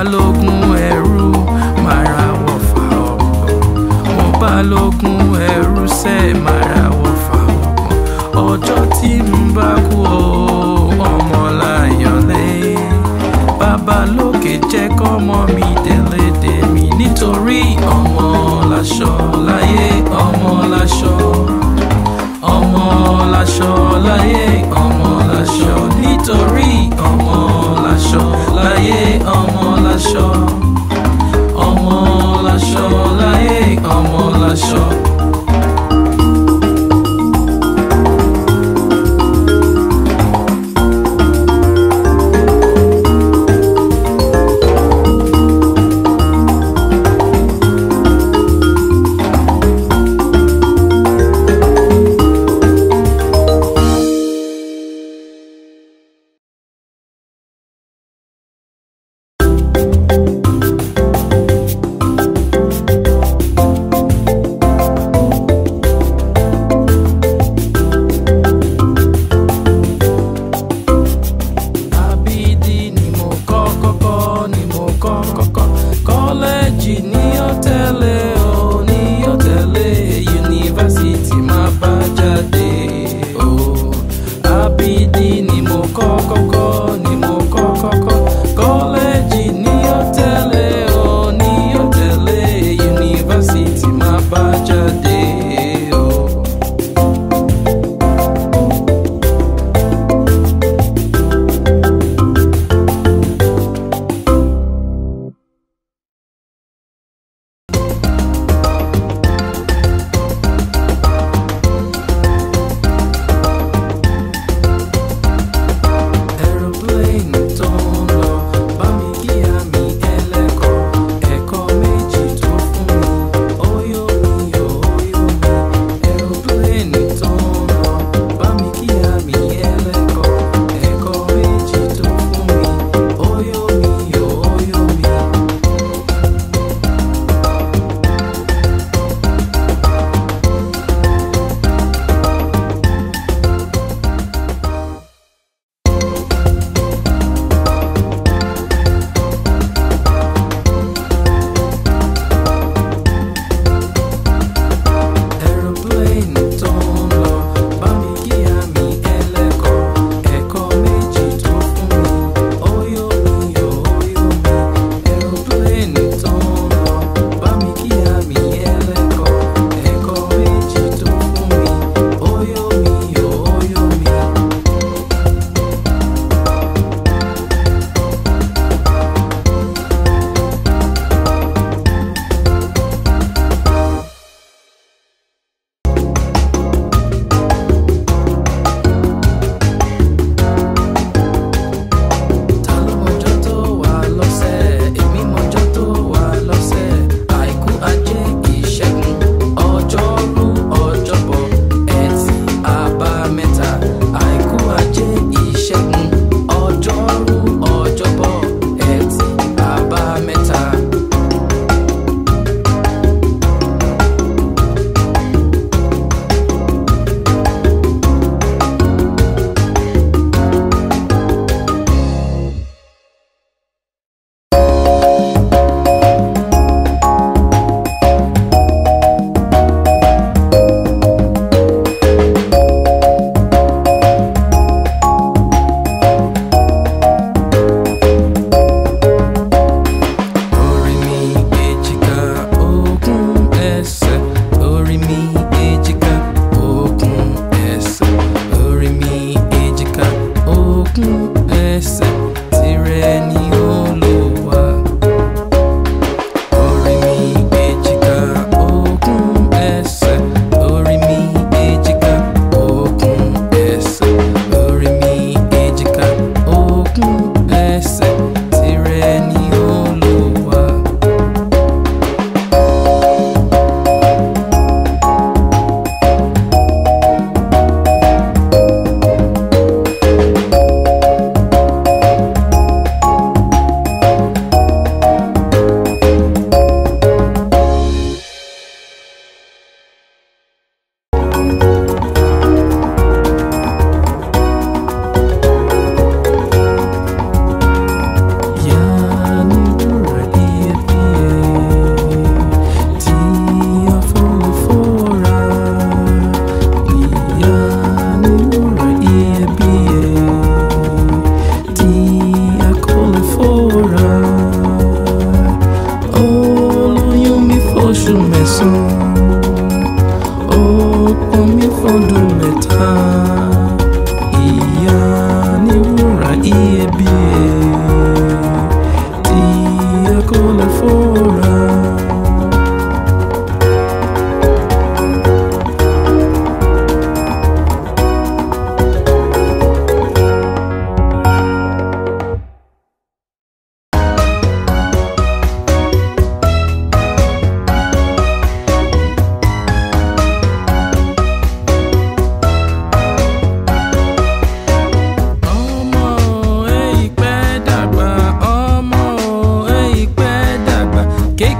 balógun ẹrú mara wọ̀fà ọ̀pọ̀ mo balógun ẹrú sẹ́ mara wọ̀fà ọ̀pọ̀ ọjọ́ tí n bá kú o ọmọ láyọ̀lé bàbá lókè jẹ́ kọ́mọ mi délé dèmi nítorí ọmọ láṣọ láyé ọmọ láṣọ ọmọ láṣọ láyé ọmọ láṣọ.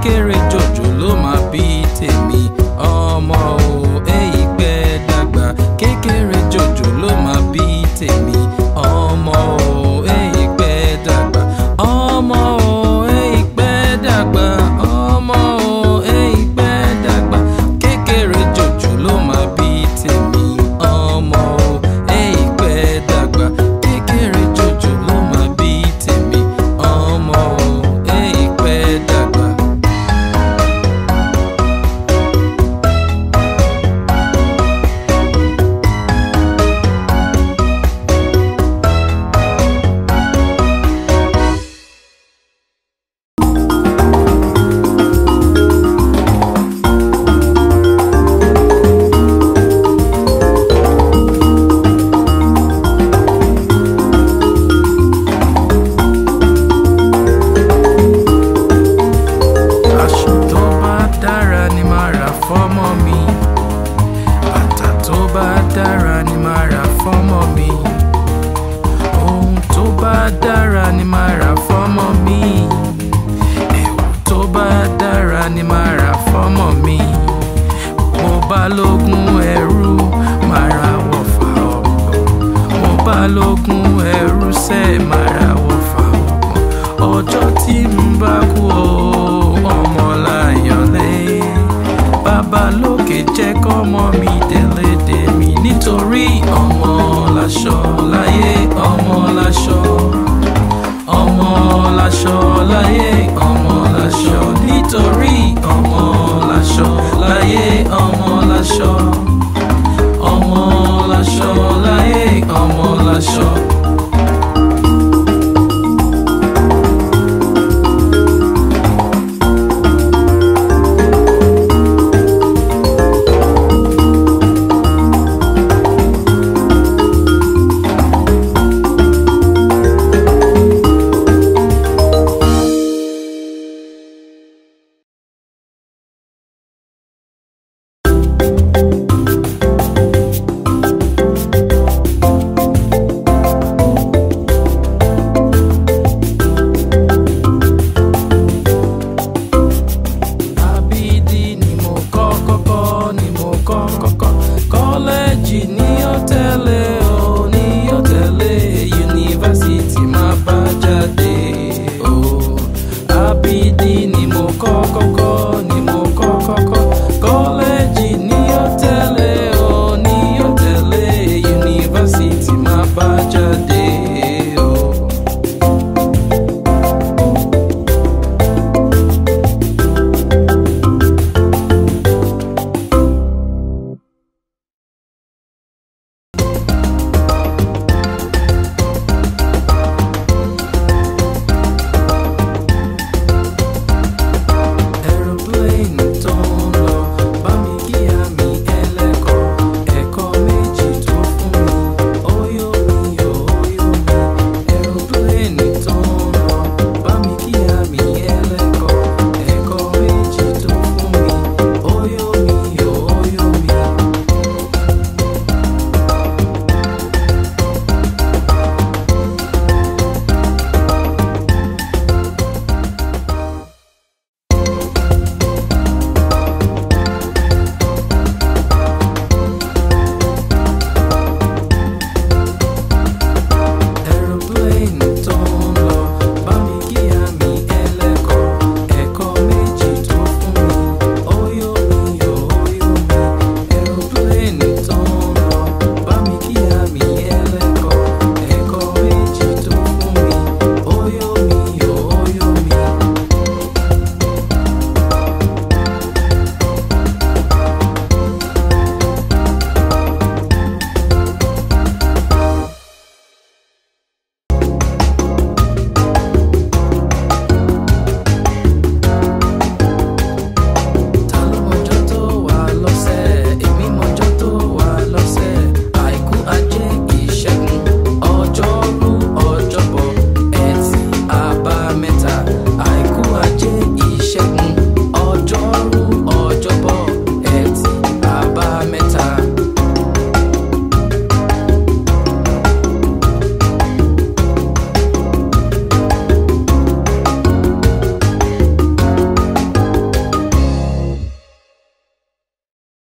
scary